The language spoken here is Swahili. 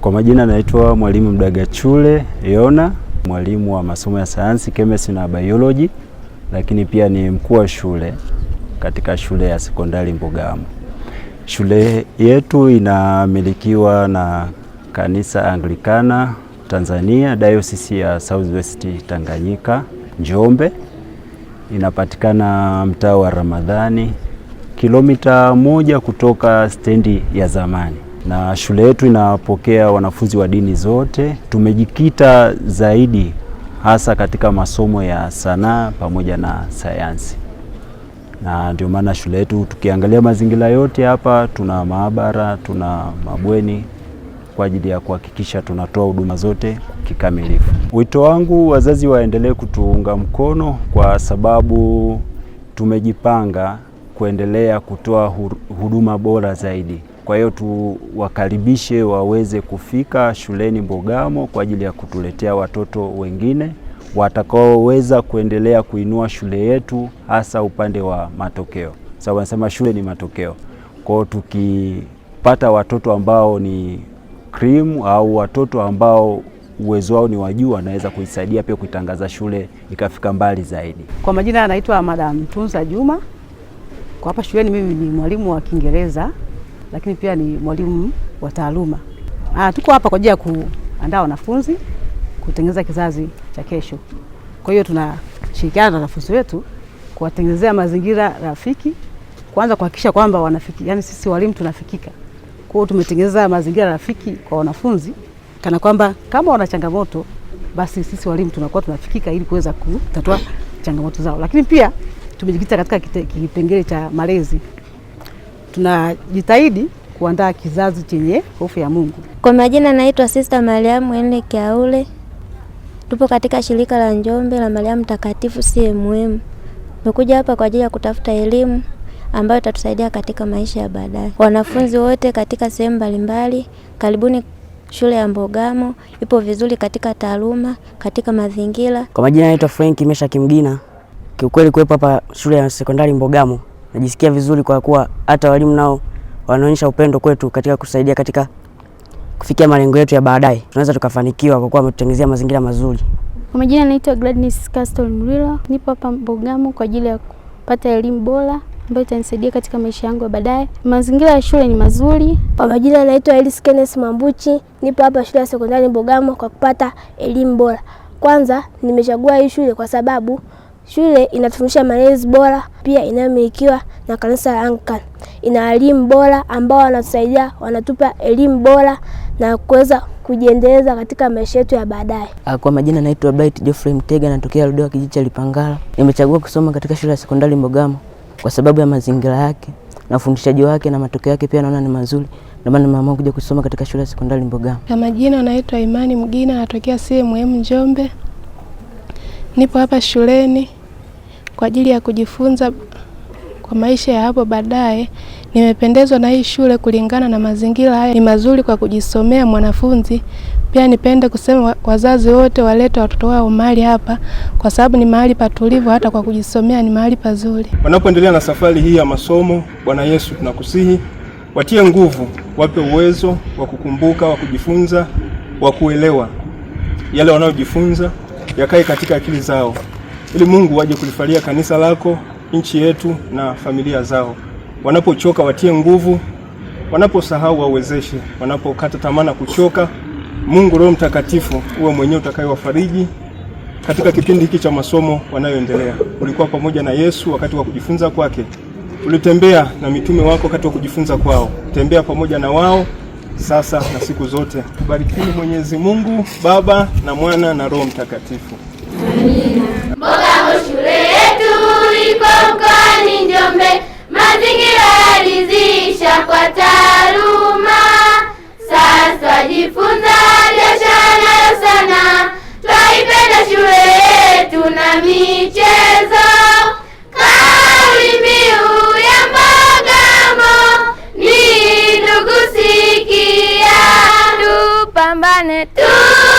Kwa majina naitwa Mwalimu Mdagachule Yona, mwalimu wa masomo ya sayansi, chemistry na biology, lakini pia ni mkuu wa shule katika shule ya sekondari Mbugamo. Shule yetu inamilikiwa na kanisa Anglikana Tanzania, Diocese ya Southwest Tanganyika, Njombe. Inapatikana mtaa wa Ramadhani, kilomita moja kutoka stendi ya zamani na shule yetu inapokea wanafunzi wa dini zote. Tumejikita zaidi hasa katika masomo ya sanaa pamoja na sayansi, na ndio maana shule yetu, tukiangalia mazingira yote hapa, tuna maabara, tuna mabweni kwa ajili ya kuhakikisha tunatoa huduma zote kikamilifu. Wito wangu, wazazi waendelee kutuunga mkono kwa sababu tumejipanga kuendelea kutoa huduma bora zaidi. Kwa hiyo tuwakaribishe waweze kufika shuleni mbogamo kwa ajili ya kutuletea watoto wengine watakaoweza kuendelea kuinua shule yetu hasa upande wa matokeo, sababu wanasema shule ni matokeo. Kwa hiyo tukipata watoto ambao ni cream au watoto ambao uwezo wao ni wa juu, wanaweza kuisaidia pia kuitangaza shule ikafika mbali zaidi. Kwa majina anaitwa Madam Tunza Juma. Kwa hapa shuleni mimi ni mwalimu wa Kiingereza lakini pia ni mwalimu wa taaluma. Ah, tuko hapa kwa ajili ya kuandaa wanafunzi kutengeneza kizazi cha kesho. Kwa hiyo tunashirikiana na wanafunzi wetu kuwatengenezea mazingira rafiki, kwanza kuhakikisha kwamba wanafiki, yani sisi walimu tunafikika. Kwa hiyo tumetengeneza mazingira rafiki kwa wanafunzi kana kwamba kama wana changamoto basi sisi walimu tunakuwa tunafikika ili kuweza kutatua changamoto zao, lakini pia tumejikita katika kipengele cha malezi tunajitahidi kuandaa kizazi chenye hofu ya Mungu. Kwa majina naitwa Sista Mariamu Ene Kyaule, tupo katika shirika la Njombe la Mariamu Mtakatifu CMM. Tumekuja hapa kwa ajili ya kutafuta elimu ambayo itatusaidia katika maisha ya baadaye. Wanafunzi wote katika sehemu mbalimbali, karibuni shule ya Mbogamo, ipo vizuri katika taaluma, katika mazingira. Kwa majina naitwa Frank Mesha Kimgina. Kiukweli kuwepo hapa shule ya sekondari Mbogamo najisikia vizuri kwa kuwa hata walimu nao wanaonyesha upendo kwetu katika kusaidia katika kufikia malengo yetu ya baadaye. Tunaweza tukafanikiwa kwa kuwa wametutengezea mazingira mazuri. Kwa majina naitwa Gladness Castle Mrilo, nipo hapa Mbogamo kwa ajili ya kupata elimu bora ambayo itanisaidia katika maisha yangu ya baadaye. Mazingira ya shule ni mazuri. Kwa majina naitwa Elis Kenneth Mambuchi, nipo hapa shule ya sekondari Mbogamo kwa kupata elimu bora. Kwanza nimechagua hii shule kwa sababu Shule inatufundisha malezi bora, pia inayomilikiwa na kanisa la Anglikana. Ina walimu bora ambao wanatusaidia, wanatupa elimu bora na kuweza kujiendeleza katika maisha yetu ya baadaye. Ah, kwa majina naitwa Bright Geoffrey Mtega, natokea Ludewa, kijiji cha Lipangala. Nimechagua kusoma katika shule ya sekondari Mbogamo kwa sababu ya mazingira yake na ufundishaji wake na matokeo yake pia naona ni mazuri, ndio maana nimeamua kuja kusoma katika shule ya sekondari Mbogamo. Kwa majina naitwa Imani Mgina, natokea sehemu Njombe. Nipo hapa shuleni kwa ajili ya kujifunza kwa maisha ya hapo baadaye. Nimependezwa na hii shule kulingana na mazingira haya ni mazuri kwa kujisomea mwanafunzi. Pia nipende kusema wazazi wote walete watoto wao mahali hapa, kwa sababu ni mahali patulivu, hata kwa kujisomea ni mahali pazuri. Wanapoendelea na safari hii ya masomo, Bwana Yesu tunakusihi watie nguvu, wape uwezo wa kukumbuka, wa kujifunza, wa kuelewa yale wanayojifunza yakae katika akili zao, ili Mungu waje kulifalia kanisa lako, nchi yetu na familia zao. Wanapochoka watie nguvu, wanaposahau wawezeshe, wanapokata tamana kuchoka, Mungu Roho Mtakatifu uwe mwenyewe utakayewafariji katika kipindi hiki cha masomo wanayoendelea. Ulikuwa pamoja na Yesu wakati wa kujifunza kwake, ulitembea na mitume wako wakati wa kujifunza kwao, tembea pamoja na wao sasa na siku zote. Barikini Mwenyezi Mungu Baba na Mwana na Roho Mtakatifu. Amina. Shule yetu ipo mkoani Njombe, mazingira yalizisha kwa taaluma. Sasa jifunza biashara nayo sana, twaipenda shule yetu na miche planet.